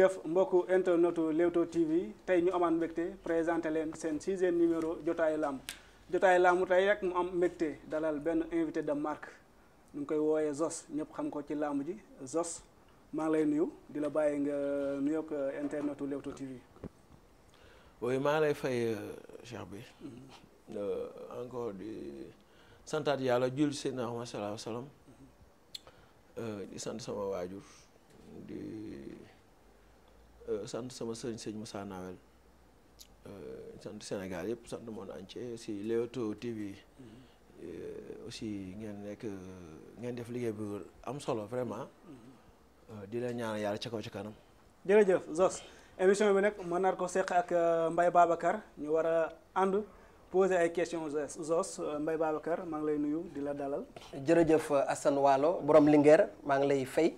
jërëjëf mbokk internetu Leewtoo TV tey ñu amaan mbégte présenté leen seen sixième numéro jotaayu làmb jotaayu làmb tey rek mu am mbégte dalal benn invité de marque ñu ngi koy wooyee Zos ñëpp xam ko ci làmb ji Zos maa ngi lay nuyu di bàyyi nga nuyoog euh, internetu Leewtoo TV. oui maa lay fay euh, Cheikh bi mm-hmm. euh, encore di yàlla jul Seydina Muhammad sallallahu alayhi wa sant sama waajur Eh, sant sama sëñ sëñ Moussa Nawel eh, sant Sénégal yëpp sant monde entier si Leewtoo TV eh, aussi ngeen nekk ngeen def liggéey bu am solo vraiment di la ñaan yàlla ca kaw ci kanam. jërëjëf Zos émission bi nag mën naa ko seq ak mbay Babacar ñu war a ànd poser ay questions Zos Mbaye Babacar maa ngi lay nuyu di la dalal. jërëjëf Assane Waalo borom Linguère maa ngi lay fay.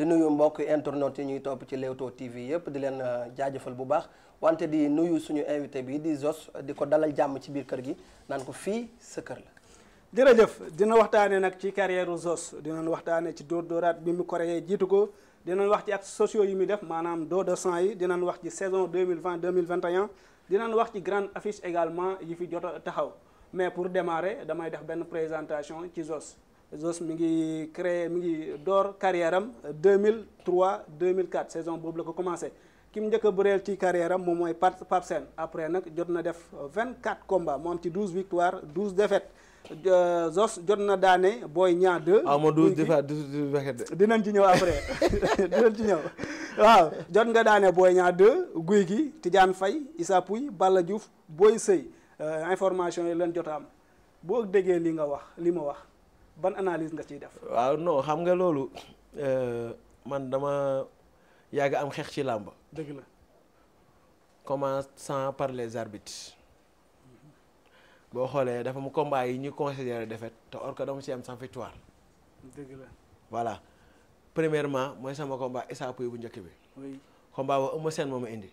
di nuyu mbokk internet yi ñuy topp ci Leewtoo TV yëpp di leen euh, jaajafal bu baax wante di nuyu suñu invité bi di Zoss di ko dalal jàmm ci biir kër gi naan ko fii sa kër la. jërëjëf dina waxtaanee nag ci carrière Zoss dinañ waxtaanee ci dóor dóoraat bi mu koree jiitu ko dinañ wax ci ak sociaux yi muy def maanaam don de sang yi dinañ wax ci saison mille vingt 2020 2021 dinañ wax ci grande affice également yi fi jot taxaw mais pour démarrer damay def benn présentation ci Bezos mi ngi créé mi ngi door carrière am 2003 2004 saison boobu la ko commencé ki njëkk a ci carrière moom mooy Pape Pape Sène après nag jot na def 24 combats mu am ci 12 victoires 12 défaites euh, Zos jot na daane booy Niang 2. ah ma 12 défaites 12 ñëw après dinañ ci ñëw waaw jot nga Guy gi tijaan fay Issa Pouye Balla Diouf Boy euh, information yi leen jot am boo déggee li nga wax li ma wax. ban analyse nga ciy def. waaw no xam nga loolu euh, man dama yàgg am xeex ci làmb. dëgg la. commençant par les arbitres boo xoolee dafa mu combat yi ñu considéré défaite te or que dama ci am sans victoire. la voilà premièrement mooy sama combat Issa Pouye bu njëkk bi. oui combat boobu Eumeu Sène moo ma indi.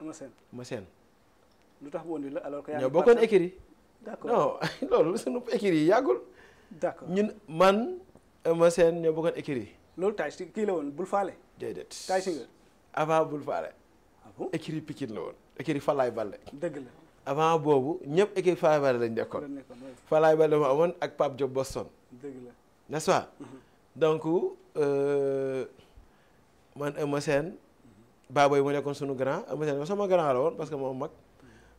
Eumeu Sène Eumeu lu tax mu indi la alors que. yaa ngi bokkoon écurie d'accord non loolu sunu écurie yi yàggul. d'accord ñun man ma seen ñoo bokkoon écurie. loolu taay si kii la woon bul faale. déedéet taay si nga. avant bul faale. ah bon écurie Pikine la woon écurie Falaye Baldé. avant boobu ñëpp écurie Falaye Baldé lañ nekkoon. lañ nekkoon Falaye Baldé ma amoon ak Pape Diop Boston. dëgg la n'est-ce pas. Mhm. donc euh, man ma seen. Baboy mu nekkoon sunu grand ma seen sama grand la parce que moom mag.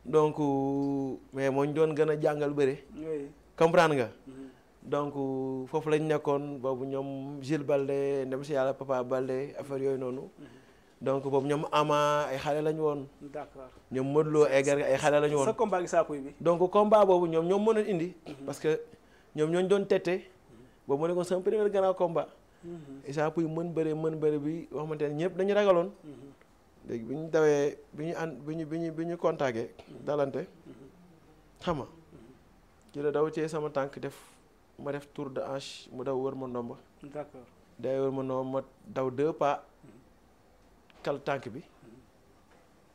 donc euh, mais moo ñu doon gën a jàngal bëre. comprendre nga. Mhm. donc euh, foofu lañu nekkoon boobu ñoom Gilles Balde ndem si yàlla Papa Balde affaire yooyu noonu. Mhm. donc boobu ñoom Ama ay xale lañu woon. d'accord ñoom Modou Lo ay garga ay xale lañ woon. sa combat gi saako bi. donc combat boobu ñoom ñoom mënoon indi. Mhm. parce que ñoom ñooñu doon tette. boobu mu nekkoon sama premier grand komba Issa Pouye mën bëre mën bëre bi nga xamante ne ñëpp dañu ragaloon. léegi bi ñu dawee bi ñu ànd bi ñu bi ñu bi ñu contacté dalante xama nga ci la daw cee sama tànk def ma def tour de hanche ma daw wër ma ndomba. d'accord day wër ma ndomba ma daw deux pas kal bi.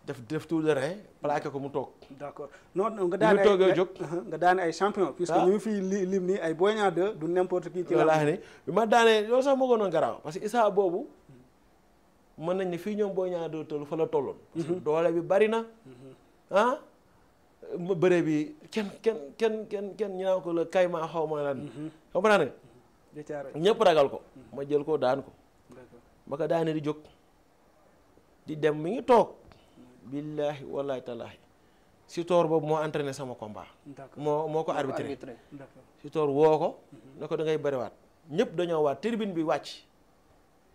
def def tour de rein plaqué ko mu toog. d'accord non nga daan ay toogee jóg daan ay champion. puisque ah. ñu ngi fii li lim ay Boy Niang du n'importe qui. ci wàllu bi ma daanee loolu sax moo gënoon garaaw parce que Issa boobu. mën nañ ne fii ñoom boo ñaar doo toll fa la tolloon. Mhm. doole bi bari na. Mhm. ah bëre bi kenn kenn kenn kenn kenn ñu naan ko la kay ma xaw ma lan. Mhm. xam nga naan ñëpp ragal ko. ma jël ko daan ko. ma ko daane di jóg di dem mi ngi toog. billaahi wallaahi tallaahi si toor boobu moo entraîné sama combat. moo moo ko arbitré. si toor woo ko. ne ko da ngay bëriwaat. ñëpp dañoo waat tribune bi wàcc.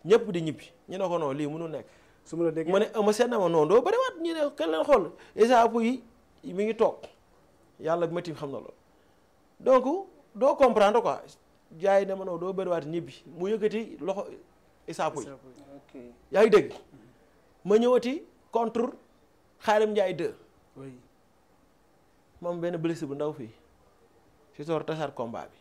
ñëpp di ñibbi ñu ne ko non lii mënul nekk. su ma la déggee ma ne ma seen na ma non doo bëriwaat ñu ne kan leen xool échappe yi mi ngi toog yàlla métti xam na loolu. donc doo comprendre ko jaay ne ma non doo bëriwaat ñibbi mu ti loxo échappe yi. yaa ngi dégg ma ñëwati contre Xaalim Njaay 2. oui benn blessé bu ndaw fii si soor tasaar combat bi.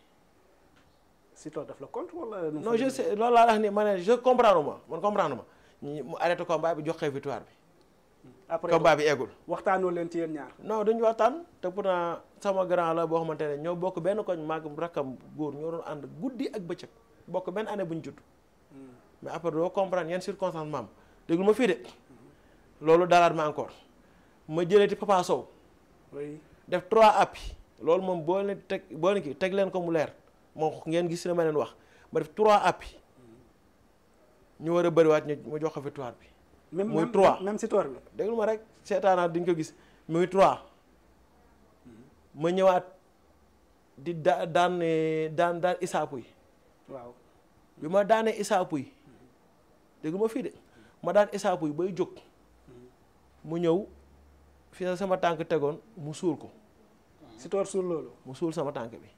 Siteu daf la contre loolu laa wax ma ne je comprendre ma man comprendre ma mu arrêté combat bi joxe victoire bi. leen ci yéen ñaar. non duñu waxtaan te pourtant sama grand la boo xamante ne ñoo bokk benn koñ maag rakkam góor ñoo doon ànd guddi ak bëccëg bokk benn année bu ñu judd. Hmm. mais après doo comprendre yan circonstance maam déglu ma fii de. loolu dalaat ma encore ma jële ti Papa Sow. def trois appuis loolu moom boo leen teg boo leen kii teg leen ko mu leer. moo ngeen gis ne ma neen wax ma def trois appuis ñu war a bëriwaat ñu ma jox ko victoire bi. muy trois même si toor bi. déglu ma rek seetaanaat duñ ko gis muy trois ma ñëwaat di da daan daan daan isaapu yi. waaw bi ma daanee isaapu yi déglu ma fii de ma daan isaapu yi bay jóg mu ñëw fi sama tànk tegoon mu suul ko. si toor suul loolu. mu suul sama tànk bi.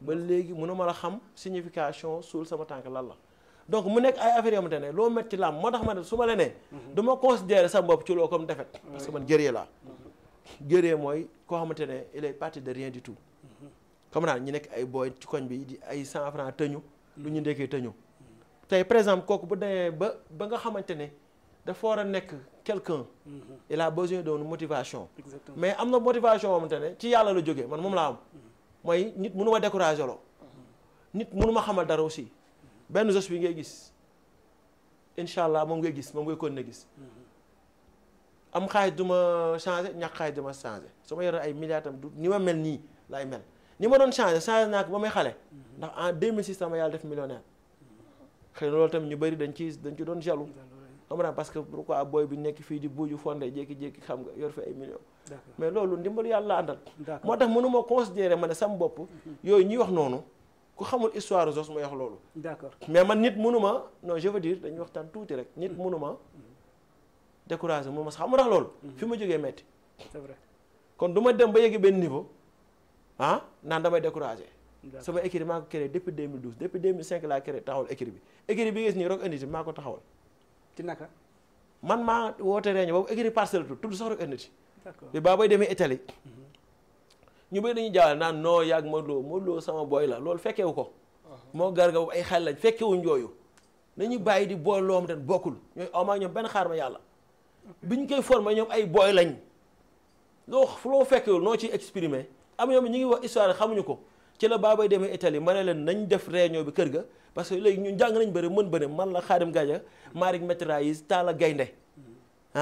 ba léegi mënuma la xam signification suul sama tànk lan la donc mu nekk ay affaire yoo xamante ne loo métti laam moo tax ma ne su ma la nee mhm. du ma considérer sa bopp ci loo comme defet mhm. parce que man guerrier laa mhm. guerrier mooy koo xamante ne il est parti de rien du tout xam naa ñu nekk ay booy ci koñ di ay cent francs lu ñu ndekkee tëñu tey par exemple kooku bu demee ba ba nga xamante ne dafa war a nekk quelqu'un il a besoin d'une motivation mais am na motivation xamante ne ci yàlla la jógee man moom laa am mooy nit mënu ma découragé loo nit mënu ma xamal dara aussi benn jos bi ngay gis incha allah moom ngay gis moom ngay kon na gis am xaalis du ma changé ñàkk xaalis du ma changé su ma yore ay milliards tam du ni ma mel nii laay mel ni ma doon changé changé naa ko ba may xale ndax en 2006 sama yàlla def millionnaire xëy loolu tam ñu bëri dañ ci dañ ci doon jaloux comprendre parce que pourquoi booy bi nekk fii di buuju fonde jékki-jékki xam nga yor fi ay millions mais loolu ndimbalu yàlla la àndal moo tax mënu ma considérer ma ne sama bopp mm-hmm. yooyu ñuy wax noonu ku xamul histoire Zoss mooy wax loolu d'accord mais man nit mënu ma non je waxtaan tuuti rek nit mm-hmm. mënu ma mm-hmm. découragé mënu ma sax xam ndax loolu fi ma jógee metti kon du dem ba yegg benn niveau ah, naan damay découragé sama équipe maa ko créé depuis 2012 depuis 2005 laa créé taxawal équipe bi équipe bi gis nii rek indi maa ko taxawal ci naka. man maa woote réunion boobu écrit parcelle tout tudd sax Rock Énergie. d'accord mais baa bay demee Italie. Mhm. ñu bëri dañuy jaawale naan noo yàgg Modou booy la loolu fekkewu ko. Uh-huh. moo garga boobu ay xale lañ fekkewuñ yooyu. nañu bàyyi di bool loom den bokkul ñooy aw maa ñoom benn xaar ma yàlla. biñ koy formé ñoom ay booy lañ. loo loo fekkewul noo ciy exprimé am ñoom ñu ngi wax histoire xamuñu ko ci la baa bay demee Italie ma ne leen nañ def réunion bi kër ga. parce que léegi ñun jàng nañ bëri mën bëri man la Xaadim Gaja Malick Matraïs taala Gaynde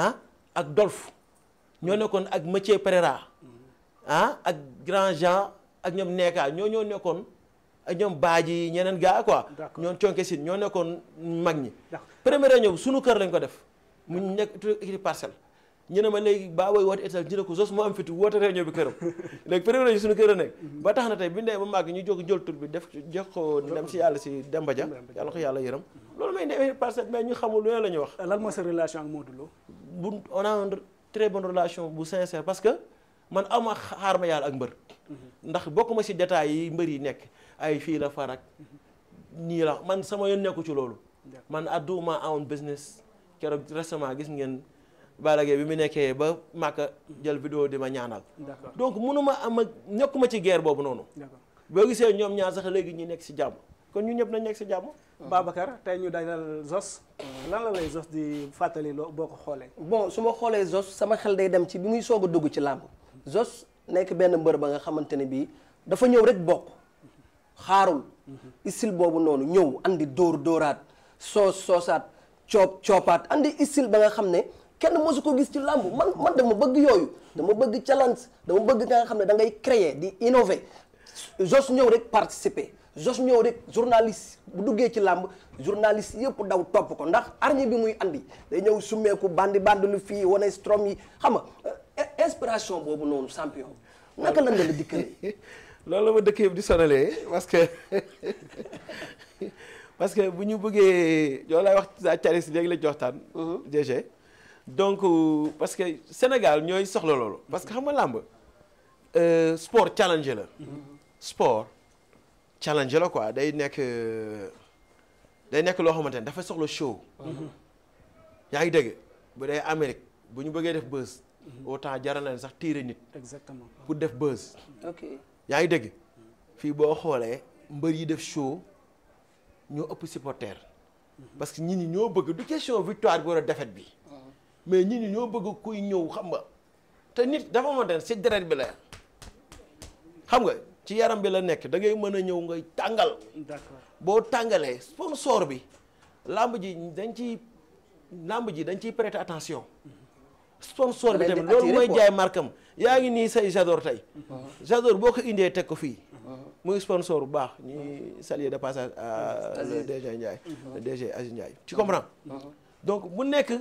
ah ak Dolf ñoo nekkoon ak Mathieu Pereira ah, ak Grand Jean ak ñoom nekkaa ñoo ñoo nekkoon ak ñoom Baaji ñeneen gaa quoi ñoom conke sin ñoo nekkoon mag ñi première ñëw sunu kër lañ ko def mu nekk équipe parcelle ñu ne ma léegi baa booy woote état ñu ne ko Zoss moo am fitu woote bi këram léegi prévision yi suñu kër a nekk ba tax na tey bi ndee ba màgg ñu jóg jël bi def jox ko dem si yàlla si Demba yàlla ko yàlla yërëm loolu may ñu xamul lu ne la ñu wax lan mooy sa relation Lo bu on a une très bonne relation bu sincère parce que man ama xaar ma yàlla ak mbër mhm. ndax ma si détails yi mbër yi nekk ay fii la farak mhm. nii la man sama yoon nekku ci loolu man adduma amoon business keroog récemment gis ngeen Balla bi mu nekkee ba Màkka jël vidéo di ma ñaanal. donc mënuma am ak nekkuma ci guerre boobu noonu. boo gisee ñoom ñaar sax léegi ñu nekk si jàmm kon ñu ñëpp nañ nekk si jàmm. Uh-huh. Babacar tey ñu dañ dajal Zos. Uh-huh. lan la lay Zos di fàttali loo boo ko xoolee. boo su ma xoolee Zos sama xel day dem ci bi muy soog a dugg ci làmb Zos nekk benn mbër ba nga xamante ne bii dafa ñëw rek bokk xaarul. istil uh-huh. boobu noonu ñëw andi dóor dóoraat soos soosaat coop coppaat andi istil ba nga xam ne. kenn mosu ko gis ci làmb man man dama bëgg yooyu dama bëgg challenge dama bëgg nga xam ne da ngay créer di innover jos ñëw rek participer jos ñëw rek journaliste bu duggee ci làmb journaliste yëpp daw topp ko ndax arñe bi muy andi day ñëw summeeku bandi bandi lu fii wane strom yi xam nga eh, inspiration boobu noonu champion naka la nga la dikkalee loolu la ma dëkk yëpp di sonalee parce que parce que bu ñu bëggee yoo lay wax sa caris léegi la joxtaan DG mhm. donc euh, parce que Sénégal ñooy soxla loolu parce que xam nga làmb euh, sport challenge la sport challenge la quoi day nekk euh, day nekk loo xamante ne dafa soxla show yaa ngi dégg bu dee Amérique bu ñu bëggee def buzz mhm. autant jaral na leen sax tiire nit exactement pour def buzz yaa ngi dégg fii boo xoolee mbër yi def show ñoo ëpp supporter mhm. parce que nit ñi ñoo bëgg du question victoire bi war a défaite bi mais ñi ñu ñoo bëgg kuy ñëw xam nga te nit dafa moo den ci deret bi la xam nga ci yaram bi la nekk da ngay mën a ñëw ngay tàngal boo tàngalee sponsor bi làmb ji dañ ciy làmb ji dañ ciy prêter attention sponsor bi tamit loolu mooy jaay markam yaa ngi nii say Jador tey uh-huh. Jador boo ko indee teg ko fii uh-huh. muy sponsor bu baax ñuy saluer de passage à le DG Ndiaye uh-huh. le DG Aziz donc mu nekk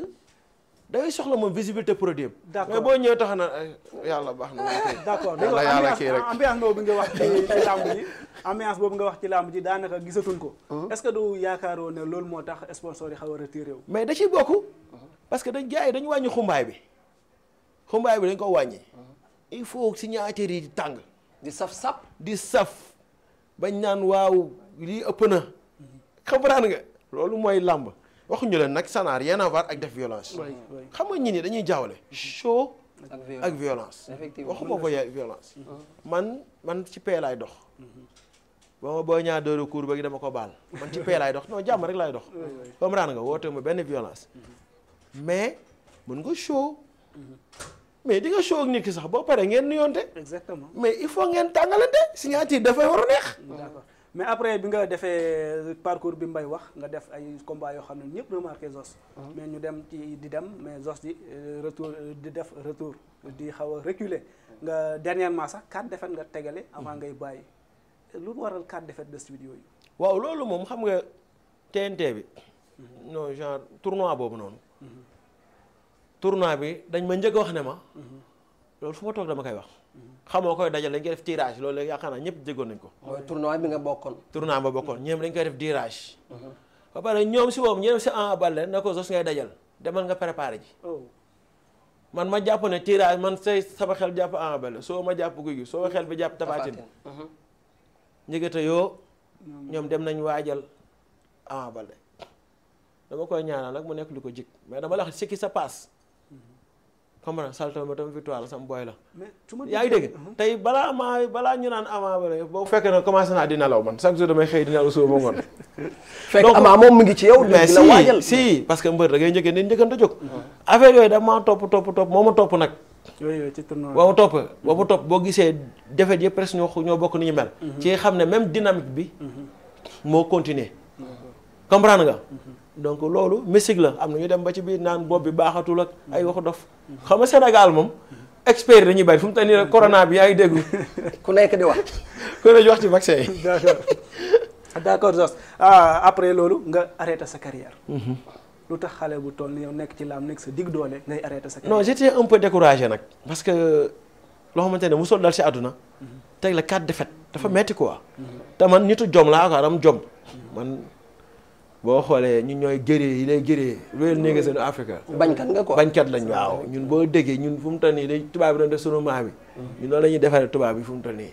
da soxla moom visibilité produit bi. boo ñëwee tax na yàlla baax na. d' accord yàlla yàlla kii rek ambiance boobu nga wax ci ci làmb ji ambiance boobu nga wax ci làmb ji daanaka gisatuñ ko. Uh-huh. est ce que du ne loolu moo tax sponsor yi xaw a retiré mais da ciy bokk parce que dañ gars yi dañu wàññi xumbaay bi xumbaay bi dañ ko wàññi. Uh-huh. il faut signataires yi tàng. di saf sap di saf bañ naan waaw lii ëpp na. Uh-huh. comprendre nga loolu mooy làmb. waxuñu leen nag ça n'a rien ak def violence. xam nga ñi ni dañuy jaawale. show ak violence. effectivement waxuma ko violence. Mhm. man man ci paix laay dox. ba boo ñaar dóoru cour ba gi dama ko baal man ci paix laay dox non jàmm rek laay dox. comprendre nga woo ma benn violence. Mhm. mais mën nga show. Mhm. mais di nga show ak nit ki sax boo paree ngeen nuyoonte exactement mais il faut ngeen tàngalante signature dafay war a neex. mais après bi nga defee parcours bi mbay wax nga def ay combat yoo xam ne ñëpp remarqué Zos. Uh-huh. mais ñu dem ci di dem mais Zos di euh, retour euh, di def retour di xaw a reculer nga dernièrement sax quatre défaites nga tegale avant uh-huh. ngay bàyyi lu waral quatre défaites de suite yooyu. waaw loolu moom xam nga TNT bi. Uh-huh. non genre tournoi boobu noonu. tournoi bi dañ ma njëkk wax ne ma. loolu fu ma toog dama koy wax. xamoo koy dajal dañ koy def tirage loolu léegi yaakaar naa ñëpp jégoon nañ ko. mooy tournoi bi nga bokkoon. tournoi ba bokkoon ñoom dañ koy def tirage. Mhm. ba pare ñoom si boobu ñoom si Ama Baldé na ko Zoss ngay dajal demal nga préparé ji. Oh. man ma jàpp ne tirage man say sama xel jàpp Ama Baldé soo ma jàpp Gouye Gui soo xel bi jàpp Tapha Tine. Mhm. njëgate yoo. ñoom dem nañ waajal Ama Baldé dama koy ñaanal nag mu nekk lu ko jik mais dama la wax ce qui xam nga saltam ba tam victoire la sam booy la. yaa ngi tey balaa maa balaa ñu naan Ama Baldé boo fekkee na commencé naa di nelaw man chaque jour damay xëy di nelaw suba ba ngoon. fekk Ama moom mi ngi ci yow. mais si si parce que mbër da ngay njëkkee nit njëkkante jóg. affaire yooyu da maa topp topp topp moo ma topp nag. yooyu ci tournoi boo ma topp boo ma topp boo gisee défaite yëpp presque ñoo bokk ni ñu mel. Mhm. ci xam ne même dynamique bi. Mhm. moo continuer mhm. comprendre nga. donc loolu mystique la am na ñu dem ba ci biir naan bopp bi baaxatul ak ay waxu dof xam nga Sénégal moom expert dañuy bari fu mu toll nii corona bi yaa ngi déglu. ku nekk di wax. ku nekk di wax ci vaccin yi. d' ah, loolu nga arrêté sa carrière. Mhm. lu tax xale bu toll ni yow nekk ci laam nekk sa digg doole ngay arrêté sa carrière. no j' étais un nag. parce que loo xamante ne musul dal si àdduna. Mhm. teg la quatre défaites dafa mhm. metti quoi. te man nitu jom laa ko jom boo xoolee ñun ñooy gëree yi lay gëree réel néega seenu Afrique bañkat nga ko bañkat lañ waaw ñun boo déggee ñun fu mu toll nii day tubaab bi doon def sunu maam yi ñun noonu la defaree tubaab bi fu mu toll nii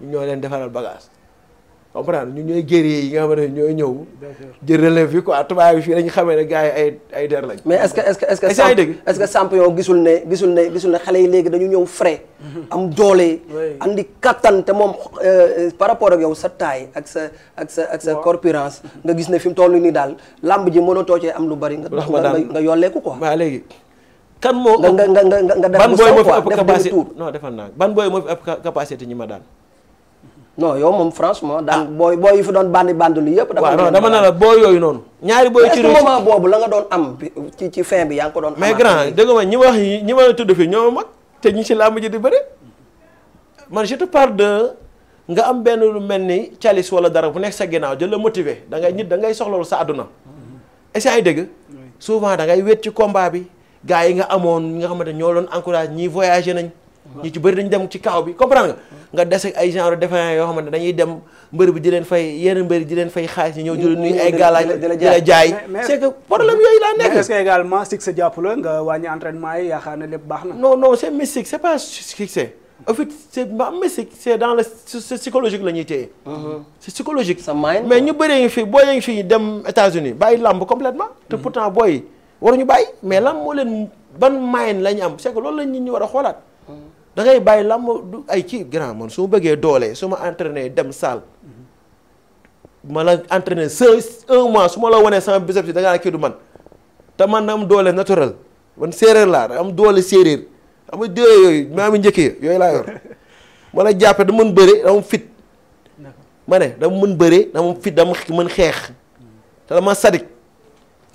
ñun ñoo leen defaral bagage comprendre ñu ñooy guerrier yi nga xam ne ñooy ñëw. jël relève yi quoi tubaab yi fii dañu xamee ne gars yi ay ay der lañ. mais est-ce que est-ce que est-ce gisul ne gisul ne gisul ne xale yi léegi dañu ñëw frais. Mhm. am doole. andi kattan te moom euh, par rapport ak yow sa taille ak sa ak sa ak sa corpulence nga gis ne fi mu toll nii daal làmb ji mënatoo cee am lu bari. nga nga yolleeku quoi. waaw léegi. kan moo nga nga nga nga def. ban booy moo fi ëpp capacité non nga naa ban booy moo fi ëpp capacité ñi ma daan non yow moom franchement daan booy booy yi fi doon bandi bandi lu yëpp. dafa dama ne la booy yooyu noonu. ñaari booy ci moment boobu la nga doon am ci fin bi yaa doon. mais grand dëgg ma ñi wax yi ñi ma la tudd fii ñoo mag te ñi ci làmb ji di bëri man je te de nga am benn lu mel ni calis wala dara bu nekk sa ginnaaw jël la motiver da ngay nit da ngay soxla sa àdduna. est-ce que ay dëgg. souvent da ngay wét ci combat bi gars yi nga amoon nga xam xamante ñoo doon encourage ñii voyagé nañ. ñu ci bëri dañu dem ci kaaw bi comprendre nga nga dese ay genre défaillant yoo xamante dañuy dem mbër bi di leen fay yenn mbëri di leen fay xaalis yi ñëw jël nuyu ay galaaj di jaay c'est que problème yooyu laa nekk est-ce que également succès jàpp la nga baax na non non c'est mystique c'est pas succès en fait c'est dans le c'est la ñuy téye uh-huh. c'est psychologique mais ñu bëri ngi fi booy ngi fi dem États-Unis bàyyi làmb complètement te uh-huh. pourtant booy waruñu bàyyi mais làmb moo leen ban moyen la ñu am c'est loolu la nit ñi war a xoolaat da ngay bàyyi làmb du ay kii grand man su ma bëggee doolee su ma entraîné dem salle ma la entraîné sa su ma la wanee sama biceps si dangaa ngaa kii du man te man am doole naturel man séeréer laa da am doole séeréer xam nga yooyu maa mi yooyu laa yor ma la jàppe da mën bëre dama fit ma ne dama mën bëre dama fit dama mën xeex hmm. te dama sadik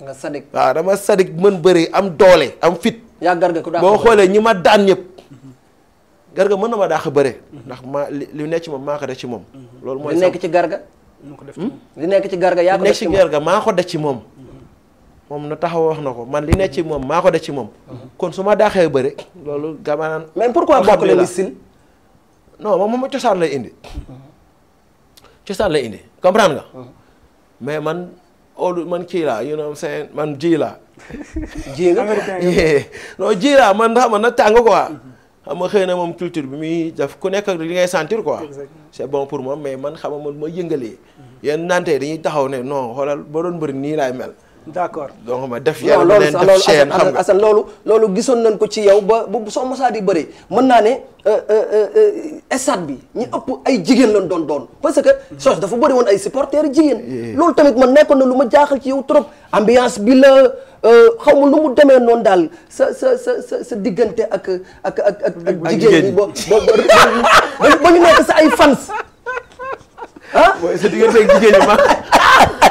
nga sadik waaw dama sadik mën bëre am doole am fit yaa garga ku daa boo xoolee ñi ma daan ñëpp garga mën na ma daax a bëre ndax ma li nekk ci moom maa def ci moom mhm. loolu mooy nekk ci garga hmm? li nekk ci garga yaa ko def ci garga maa ko def ci moom mhm. moom na taxaw wax na ko man li nekk ci moom maa ko def ci moom mhm. kon su ma daaxee bëre loolu gamaanaan mais pourquoi bokk leen style non moom moom cosaan la indi cosaan lay indi comprendre nga mais man oolu oh, man kii laa you know man ji laa ji nga non ji laa man am nga xëy na moom culture bi muy def ku nekk li ngay sentir quoi. c'est bon pour moi mais man xam nga man ma yëngalee. yéen nante dañuy taxaw ne non xoolal ba doon bëri nii laay mel. d'accord donc ma def yaram leen def chaîne xam nga Assane loolu loolu gisoon nan ko ci yow ba bu soo mosaa di bëree mën naa ne euh, euh, euh, stade bi ñu ëpp ay jigéen lañ doon doon parce que Zoss dafa bëri woon ay supporters jigéen eh. loolu tamit ma nekkoon na lu ma jaaxal ci yow trop ambiance bi la xaw ma lu mu demee noonu daal sa sa sa sa sa diggante ak ak ak ak jigéen ñi ba ñu nekk sa ay fans ah sa diggante ak jigéen ñi ma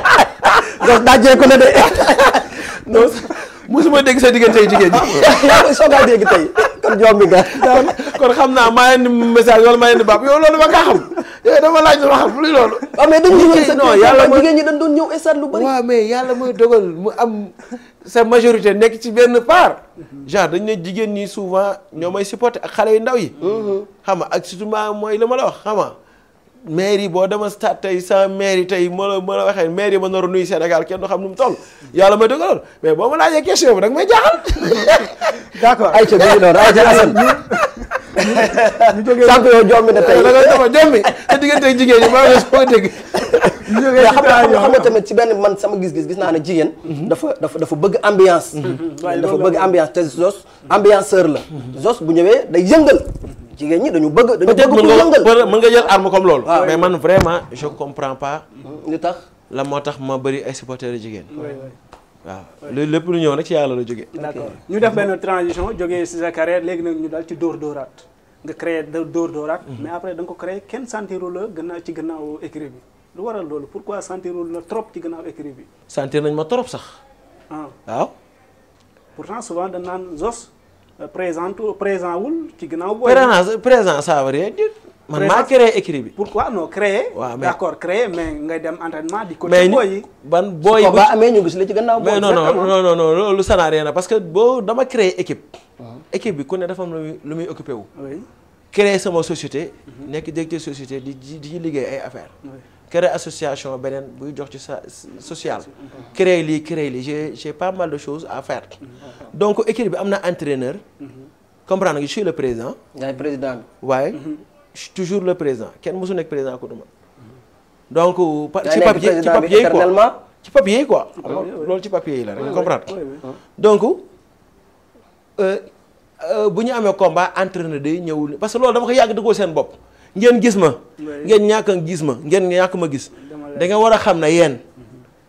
ndax daajee ko na de non musuma dégg sa diggante jigéen ñi. yaa ngi soog a dégg tey kon jombi nga. kon xam naa maa indi message wala maa indi baab yow loolu ba nga xam yow dama laaj lu ma xam luy loolu. waaw ah, mais dañu ñëw non yàlla mooy jigéen ñi dañ doon ñëw estade lu bëri. waaw mais yàlla mooy dogal mu am sa majorité nekk ci benn part. genre dañu ne jigéen ñi souvent ñoo may supporté ak xale yu ndaw yi. Mm-hmm. xam nga ak surtout mooy li ma la wax xam nga mairie boo dema stade tey sa mairie tey moo la ma la waxee mairie ma naru nuy Sénégal kenn du xam nu mu toll yàlla ma dëggaloon mais boo ma laajee question bi da nga may jaaxal d'accord ayca bi noonu ayca Assane ñu jógee sànq yow jommi na tey da nga dama jommi te diggante jigéen xam nga xam nga tamit ci benn man sama gis-gis naa ne jigéen mhm. dafa dafa dafa bëgg ambiance mhm. dafa bëgg ambiance te Zos ambianceur la mhm. Zos bu ñëwee da yëngal jigéen ñi dañu bëgg dañu bëgg ku yëngal peut-être nga jël arme comme loolu mais man vraiment je comprends pas tax la moo tax ma bëri ay supporters jigéen waaw loolu lépp lu ñëw nag ci yàlla la jógee d'accord ñu def benn transition jógee si sa carrière léegi nag ñu dal ci dóor dóoraat nga créé door dóoraat mhm. mais après da nga ko créé kenn sentirul la gannaaw ci gannaaw écrit bi lu waral loolu pourquoi sentirul la trop ci gannaaw écrit bi sentir nañ ma trop sax ah. waaw pourtant souvent dañ naan Zoss présente présent wul ci ginnaaw. booy présent présent ça veut rien dire. man maa créé écrit bi. pourquoi non créé. waaw mais mais ngay dem entraînement di. côté booy yi ban booy. bu amee ñu gis la ci gannaaw. booy non non non non n'a parce que boo dama créé équipe. équipe bi ku ne dafa lu muy lu muy wu. créé sama société. Mhm. nekk directeur société di di liggéey ay affaire créer association beneen buy jox ci sa social créer lii créer lii j'ai j'ai pas mal de choses à faire donc équipe bi am na entraîneur comprendre nga je suis le président président waaye mhm. je toujours le président kenn mosu nekk président ku duma donc euh, ci papier ci papier quoi ci papier quoi loolu ci pap yi la rek comprendre donc euh, euh, bu ñu amee combat entraîneur day ñëw parce que loolu dama ko yàgg dëggoo seen bopp ngeen gis ma ngeen ñàkk a gis ma gis da nga war a xam ne yéen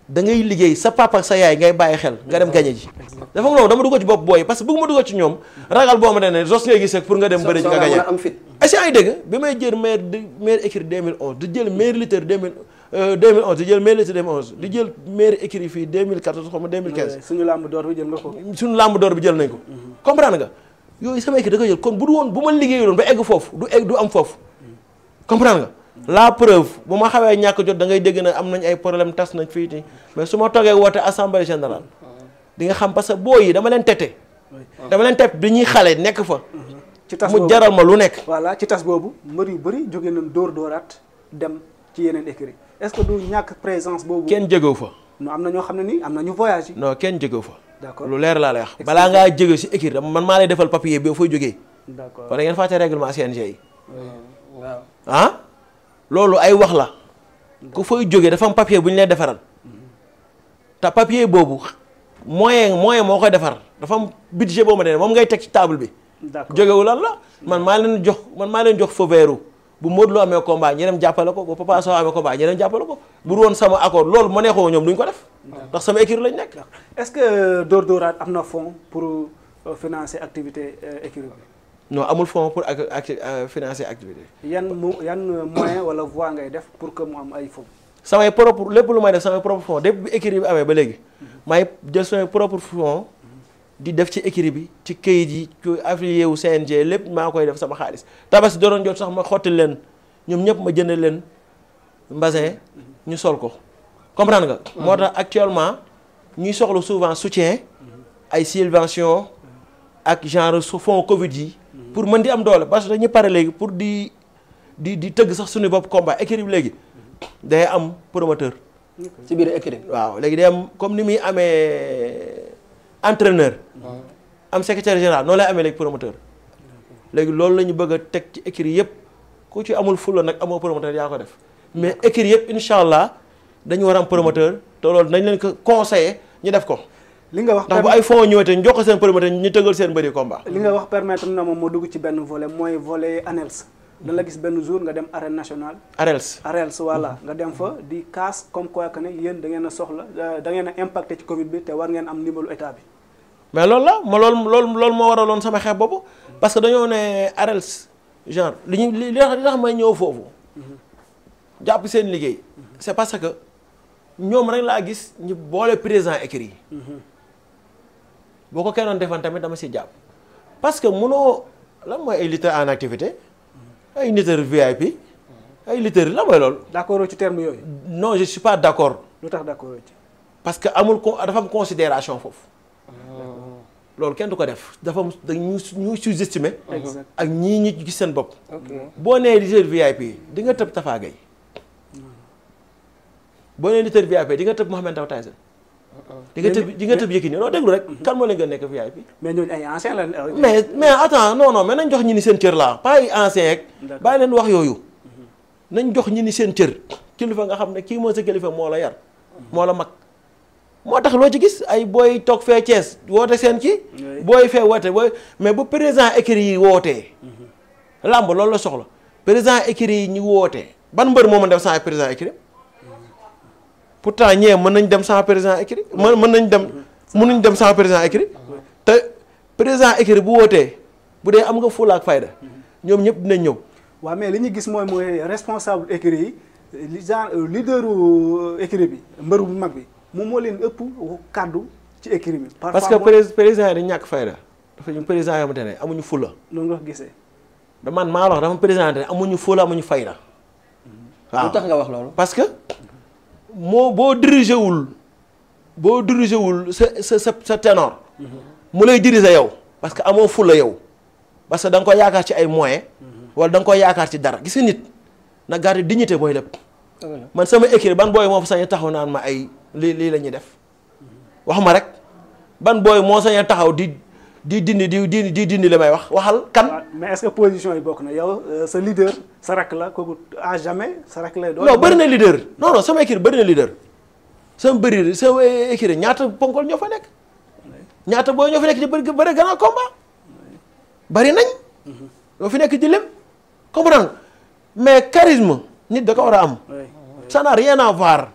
da ngay liggéey sa papa sa yaay ngay bàyyi xel nga dem gañe ji dafa loolu dama dugg ci bopp booy parce que bëgg ma dugg ci ñoom ragal boo ma dem bëri euh, ko suñu làmb door bi jël nañ ko mhm. comprendre nga yooyu sama écrit da jël kon bu du woon bu ma liggéeyu doon ba egg foofu du egg du am foofu comprendre nga la preuve bu ma xawee ñàkk jot da ngay dégg na am nañ ay problème tas nañ fii nii mais su ma toogee woote assemblée générale di nga xam parce que boo yi dama leen tete dama leen teb bi ñuy xale nekk fa ci tas mu ma lu nekk voilà ci tas boobu mbër yu bëri jóge nañ dóor dóoraat dem ci yeneen écurie est-ce que du ñàkk présence boobu kenn jégoo fa non am na ñoo xam ne ni am na ñu voyage yi non kenn jégoo fa d'accord lu leer laa lay wax balaa ngaa jege si écurie man maa lay defal papier bi fooy jógee d'accord wala ngeen fàtte règlement CNG yi euh, waaw ah loolu ay wax la ku fay jógee dafa am papier bu ñu lay defaral te papier boobu moyen moyen moo ko defar dafa am budget boo ma ne moom ngay teg ci taable bi. d'accord jógewu lan la man maa leen jox man maa leen jox feu bu Modou Lo amee combat ñi dem jàppale ko bu Papa Sow amee combat ñi dem jàppale ko bu woon sama accord loolu ma neexoo ñoom duñ ko def. ndax sama écurie lañ nekk. est-ce que euh, Dóor Dóoraat am na fonds pour euh, financer activité euh, écurie bi. non amul fonds pour ak ak euh, financer activité. yan mu yan moyen wala voie ngay def pour que mu am ay fonds. samay propre lépp lu may def samay propre fonds depuis bi écrit ba léegi may jël samay propre fonds di def ci écrit bi ci këyit yi ci affilié wu CNG lépp maa koy def sama xaalis tabaski doroon jot sax ma xotti leen ñoom ñëpp ma jënd leen mbase ñu sol ko comprendre nga. moo tax actuellement ñuy soxla souvent soutien ay subvention ak genre fonds Covid yi. pour mën di am doole parce que dañu pare léegi pour di di di tëgg sax suñu bopp combat écurie bi léegi day am promoteur. ci biir écurie waaw léegi day am comme ni muy amee entraîneur. am secrétaire général noo lay amee léegi promoteur. léegi loolu la ñu bëgg a teg ci écurie yëpp ku ci amul fulla nag amoo promoteur yaa ko def mais équire yëpp incha allah dañu war am promoteur te loolu nañ leen ko conseiller ñu def ko. li nga wax ndax bu ay fonds ñëwee te ñu jox ko seen promoteur ñu tëggal seen bëri combat. li nga wax permettre na moom moo dugg ci benn volet mooy volet ANELS. da la gis benn jour nga dem arène nationale. ARELS ARELS voilà nga dem fa di kaas comme quoi que ne yéen da ngeen a soxla euh, da ngeen a impacté ci Covid bi te war ngeen am ndimbalu état bi. mais loolu la ma loolu loolu loolu moo waraloon sama xeex boobu parce que dañoo ne ARELS genre li ñu li li tax may ñëw foofu. Mhm. jàpp seen liggéey. Mhm. c'est parce que ñoom rek laa gis ñu boole président écrit yi mhm. boo ko kennoon defan tamit dama si jàpp parce que munoo la mooy ay lutteurs en activité ay lutteurs VIP ay lutteurs la mooy loolu. d'accord ci terme yooyu. non je suis pas d'accord. lu tax d'accord ci. parce que amul ko dafa am considération foofu. Ah. loolu kenn du ko def dafa am dañuy ñu sous-estimer. ak ñii ñi gis seen bopp. boo nee lutteur VIP di nga tëb Tafa Gueye. boo nee lutteur VIP di nga tëb Mouhamed Ndao Tyson. di nga tëb di nga tëb Yékini non déglu rek mhm. kan moo leen gën nekk VIP mais ñooñu ay ancien la euh, mais mais attends non mais nañ jox ñi ni seen cër laa pas ay ancien bàyyi leen wax yooyu mhm. nañ jox ñi ni seen cër kilifa nga xam ne kii moo sa kilifa moo la yar mhm. moo la mag moo tax loo ci gis ay booy toog fee Thiès woote seen ci booy fee woote booy mais bu président écurie yi wootee làmb loolu la soxla président écurie yi ñu wootee ban mbër moo mën def sans président écurie pourtant ñee mën nañ dem sans président écrit mën mën nañ dem mënuñ dem sans président écrit te président écrit bu wootee bu dee am nga fulla ak fayda ñoom ñëpp dinañ ñëw. waaw mais li ñu gis mooy mooy responsable écrit yi li genre euh, leader euh, écrit bi mbër bu mag bi moom moo leen ëpp kàddu ci écrit bi. parce que président yi dañ ñàkk fayda dafa ñu président yoo xamante ne amuñu fulla. loolu nga ko gisee. daman maa wax dafa président amuñu fulla amuñu fayda. parce que. moo boo dirigé wul boo dirigé wul sa sa sa sa ténor mu lay diriger yow parce que amoo fulla yow parce que da ko yaakaar ci ay moyens wala da nga ko yaakaar ci dara gis nit na garder dignité booy lépp man sama écrit ban booy moo fa sañ a taxaw naan ma ay lii lii la ñuy def wax ma rek ban booy moo sañ a taxaw di di dindi di di di dindi li may wax waxal kan. mais est-ce yi bokk na yow euh, sa leader sa rakk la kooku sa rakk lay na leader non non sama équipe bëri na leader sama bëri sama équipe ñaata ponkol ñoo fa nekk ñaata booy ñoo fi nekk di bëri bëri gannaaw combat bëri nañ. ñoo fi nekk di lim comprendre mais charisme nit da ko war a am. ça n'a rien voir.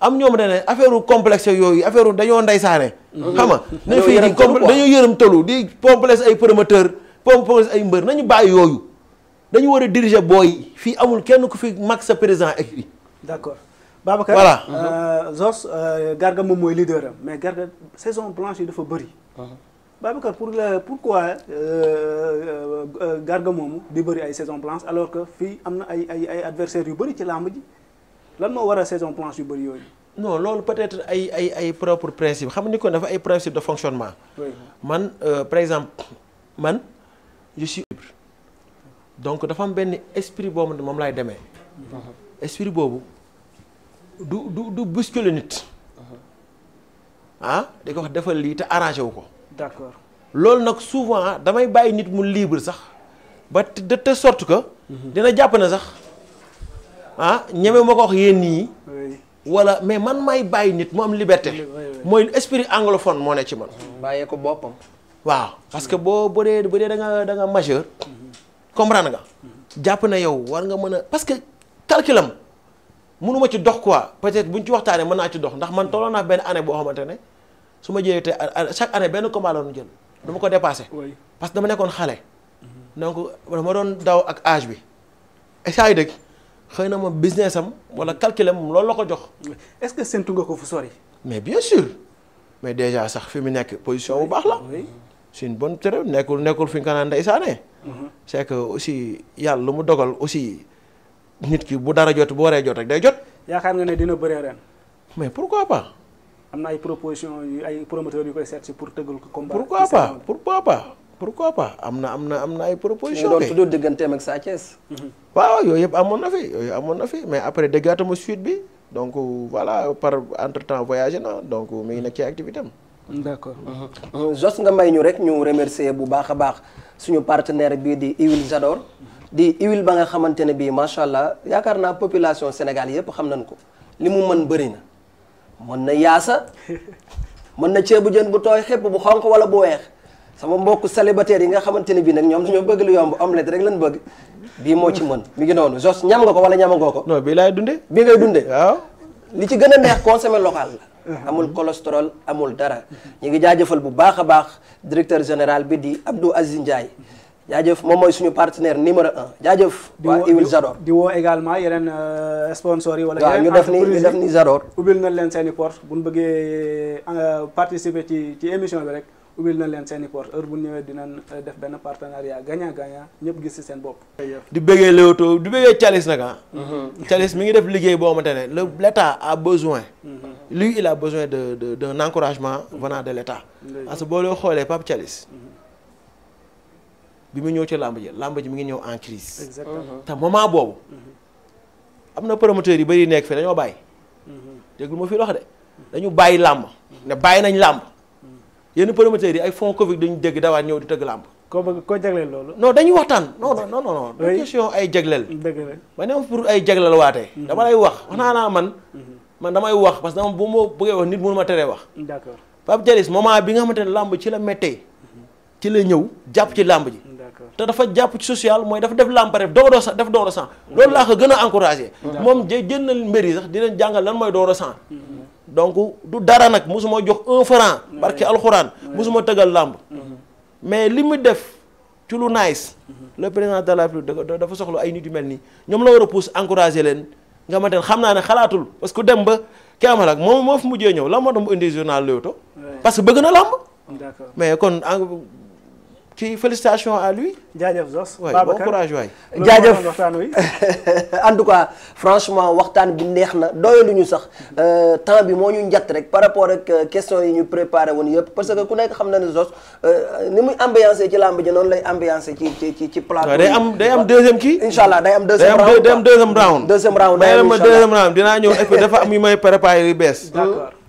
am ñoom dañ ne affaire complexe yooyu affaire dañoo ndeysaane. xam nga dañu fii di dañoo yërëm tëlu di complexe ay promoteur complexe ay mbër nañu bàyyi yooyu dañu war a diriger booy fii amul kenn ku fi mag sa président écrit. d'accord Babacar voilà. Euh, Zos euh, Garga moom mooy leader am mais Garga saison blanche yi dafa bëri. Uh-huh. Babacar pour la pourquoi euh, Garga moomu di bëri ay saison blanche alors que fii am na ay ay ay adversaires yu bëri ci làmb ji. lan moo war a saison planche yu bëri yooyu. non loolu peut-être ay ay ay propre principe xam ni ko dafa ay principe de fonctionnement. man euh, par exemple man je donc dafa am benn esprit boobu moom laay demee. esprit boobu du du du bousculer nit. ah di ko wax defal lii te arrangé wu ko. d'accord loolu nag souvent damay bàyyi nit mu libre sax ba de telle sorte que. Mhm. dina jàpp na sax. ah ñeme ma ko wax yéen nii wala mais man may bàyyi nit mu am liberté mooy esprit anglophone moo ne ci man mm-hmm. bàyyee ko boppam waaw parce que boo bu dee bu dee da nga da nga majeur mm-hmm. comprendre nga mm-hmm. jàpp na yow war nga mën a parce que calculam mënuma ci dox quoi peut-être buñ ci waxtaanee mën naa ci dox ndax man tolloon naa benn année boo xamante ne su ma jëlee te chaque année benn combat la ñu jël du ma ko dépassé parce que dama nekkoon xale donc dama doon daw ak âge bi saa yi dëgg xëy na moom business am wala calcul am loolu la ko jox. est-ce que séntu nga ko fu sori. mais bien sûr mais déjà sax fi mu nekk position bu baax la. c'est une bon terre nekkul nekkul fi nga naan ndeysaane. Mhm. c'est que aussi yàlla lu mu dogal aussi nit ki bu dara jot bu waree jot rek day jot. yaakaar nga ne dina bëree ren. mais pourquoi pa am na ay proposition ay promoteurs yu koy seet si pour tëggal ko. combat pourquoi pas pourquoi pas. pourquoi pas am na am na am na ay proposition mais doon tudd digganteem ak mhm. waaw yooyu yëpp amoon na fi yooyu amoon na fi mais après déggaatuma suite bi donc voilà par entre temps voyagé na donc mi ngi nekk ci activité am. d'accord mhm. Mhm. Jos nga may ñu rek ñu remercier bu baax a baax suñu partenaire bi di Huile J'adore di huile ba nga xamante ne bii macha allah yaakaar naa population Sénégal yëpp xam nañ ko li mu mën bëri na mën na yaasa mën na ceebu jën bu tooy xepp bu xonq wala bu weex. sama mbokku célibataire yi nga xamante ne bii nag ñoom dañoo bëgg lu yomb omelette rek lañ bëgg bii moo ci mën mi ngi noonu jos ñam nga ko wala ñamagoo ko. non bii laay dundee. bii ngay dundee waaw. li ci gën a neex consommer local la. amul cholestérol amul dara. ñu ngi jaajëfal bu baax a baax directeur général bi di Abdou Aziz Ndiaye. jaajëf moom mooy suñu partenaire numéro un jaajëf. waa Iwil Zador di woo également yeneen euh, sponsors yi. wala yeneen entreprises ñu def ni ñu def ni Zador. na leen seen i porte bu ñu bëggee euh, participer ci ci émission bi rek. ubbil na leen seen i porte heure bu ñëwee dinañ euh, def benn partenariat gagnant gagnant ñëpp gis si seen bopp. di bëggee Leewtoo di bëggee Thialis nag ah. Mm-hmm. Thialis mi ngi def liggéey boo xamante ne le l'État a besoin. Mm-hmm. lui il a besoin de de d'un encouragement mm-hmm. venant de l'État. parce que boo loo xoolee Pape Thialis. bi mu ñëw ci làmb ji làmb ji mi ngi ñëw en crise. exactement te moment boobu. am na promoteurs yi bëri nekk fii dañoo bàyyi. déglu ma fi wax de. dañu bàyyi làmb. ne bàyyi nañ làmb. yenn promoteurs yi ay fonds Covid dañu dégg dawaat ñëw di tëgg làmb koo bëgg koo jagleel loolu. non dañuy waxtaan non non non non. oui ay jagleel. dëgg pour ay jagleel waatee. Mhm. dama lay wax wax man. Mhm. man damay wax parce que dama bu ma bëggee wax nit mënu ma teree wax. d'accord Pape Thialis moment bi nga xamante ne làmb ci la méttee. Mhm. ci la ñëw jàpp ci làmb ji. te dafa jàpp ci social mooy dafa def làmb pare dooro sa def dooro sang. loolu laa ko gën a encouragé. moom jë jël na mbir yi sax dinañ jàngal lan mooy dooro sa donc du dara nag mosuma jox un franc. barki alxuraan mosuma tëggal làmb. Mhm. mais li mu def ci lu nice. Mhm. le président de la République dafa soxla ay nit yu mel nii ñoom la war a pousse encouragé leen nga xamante ne xam naa ne xalaatul parce que dem ba kii ak nag moom moo fi mujjee ñëw lan moo tax mu indi journal parce que bëgg na làmb. mais kon ci félicitation à lui. jaajëf Zos. waay bon courage waay jaajëf en tout cas franchement waxtaan bi neex na lu ñu sax euh, temps bi moo ñu njatt rek par rapport ak euh, question yi ñu préparé woon yëpp parce que ku nekk xam na ne Zos euh, ni muy ambiancé ci làmb ji noonu lay ambiancé ci ci ci ci plateau. day am day am deuxième kii. incha allah day am deuxième round day am deuxième round. day am deuxième ñëw dafa am yu may préparé yu bees.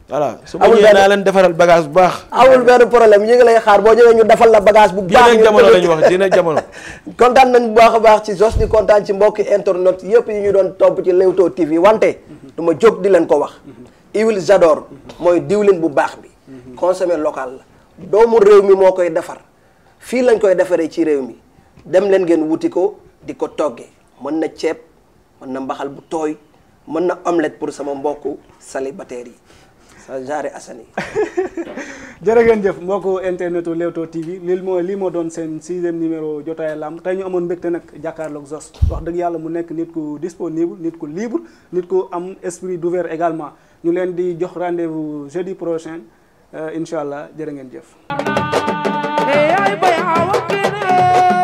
voilà su ma ñëwee naa leen defaral bagage bu baax. amul benn problème ñu lay xaar boo ñëwee ñu defal la bagage bu baax. dina jamono lañu wax dina jamono. kontaan nañ bu baax a baax ci Zoss di kontaan ci mbokki internet yëpp yi ñu doon topp ci Leewtoo TV wante du ma jóg di leen ko wax. huile Jador mooy diwlin bu baax bi. consommer local la doomu réew mi moo koy defar fii lañ koy defaree ci réew mi dem leen geen wuti ko di ko toggee mën na ceeb mën na mbaxal bu tooy mën na omelette pour sama mbokku célibataire yi. sa genre Assane yi. ngeen jëf mbokku internetu Leewtoo TV lii moo lii moo doon seen sixième numéro jotaay lamb tey ñu amoon mbégte nag jàkkaarloog Zos wax dëgg yàlla mu nekk nit ku disponible nit ku libre nit ku am esprit d'ouvert également ñu leen di jox rendez-vous jeudi prochain euh, incha allah jërë ngeen jëf.